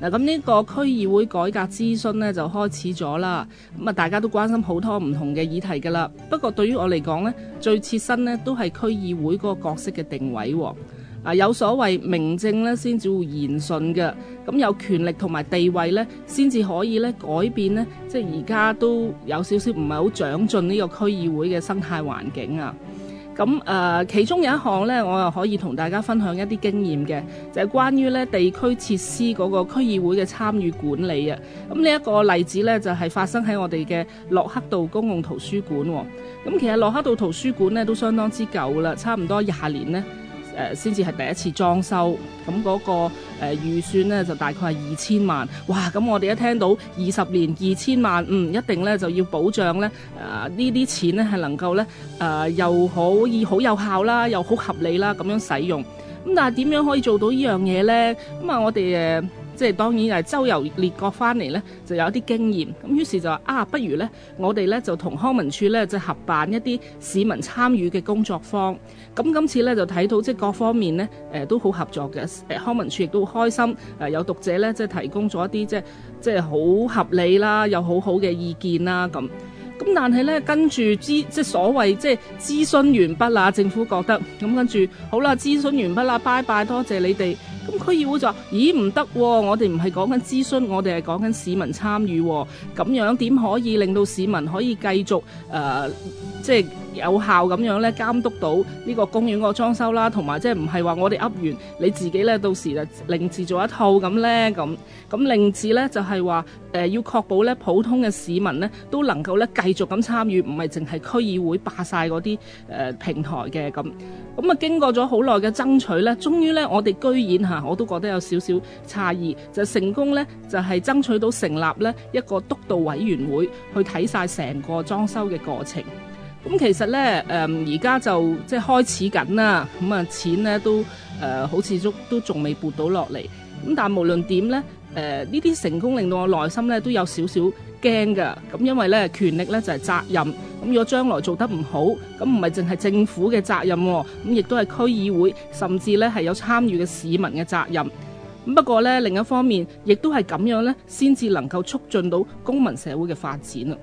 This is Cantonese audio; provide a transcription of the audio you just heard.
嗱，咁呢個區議會改革諮詢呢，就開始咗啦，咁啊大家都關心好多唔同嘅議題噶啦。不過對於我嚟講呢，最切身呢都係區議會嗰個角色嘅定位喎。啊，有所謂名正呢，先至會言順嘅，咁有權力同埋地位呢，先至可以呢改變呢。即係而家都有少少唔係好長進呢個區議會嘅生態環境啊。咁誒、呃，其中有一項呢，我又可以同大家分享一啲經驗嘅，就係、是、關於呢地區設施嗰個區議會嘅參與管理啊。咁呢一個例子呢就係、是、發生喺我哋嘅洛克道公共圖書館。咁其實洛克道圖書館呢都相當之久啦，差唔多廿年呢誒先至係第一次裝修，咁嗰個誒預算呢就大概係二千萬，哇！咁我哋一聽到二十年二千萬，嗯，一定呢就要保障呢，誒呢啲錢呢係能夠呢誒又可以好有效啦，又好合理啦，咁樣使用。咁但係點樣可以做到呢樣嘢呢？咁啊，我哋誒。即係當然係周遊列國翻嚟咧，就有一啲經驗。咁於是就話啊，不如咧，我哋咧就同康文署咧就合辦一啲市民參與嘅工作坊。咁今次咧就睇到即係各方面咧，誒都好合作嘅。誒康文署亦都好開心。誒有讀者咧即係提供咗一啲即係即係好合理啦，有好好嘅意見啦咁。咁但係咧跟住諮即係所謂即係諮詢完畢啦，政府覺得咁跟住好啦，諮詢完畢啦，拜拜，多謝你哋。咁區議會就話：咦，唔得喎！我哋唔係講緊諮詢，我哋係講緊市民參與喎。咁樣點可以令到市民可以繼續呃，即有效咁樣咧，監督到呢個公園個裝修啦，同埋即係唔係話我哋噏完你自己咧，到時就另置做一套咁咧？咁咁另置咧就係話誒要確保咧普通嘅市民呢，都能夠咧繼續咁參與，唔係淨係區議會霸晒嗰啲誒平台嘅咁咁啊。經過咗好耐嘅爭取咧，終於咧我哋居然嚇我都覺得有少少詫異，就成功咧就係爭取到成立咧一個督導委員會去睇晒成個裝修嘅過程。咁其實呢，誒而家就即係開始緊啦。咁啊，錢呢都誒、呃、好似都都仲未撥到落嚟。咁但無論點呢，誒呢啲成功令到我內心呢都有少少驚㗎。咁因為呢，權力呢就係、是、責任。咁如果將來做得唔好，咁唔係淨係政府嘅責任，咁亦都係區議會，甚至呢係有參與嘅市民嘅責任。咁不過呢，另一方面，亦都係咁樣呢，先至能夠促進到公民社會嘅發展啊！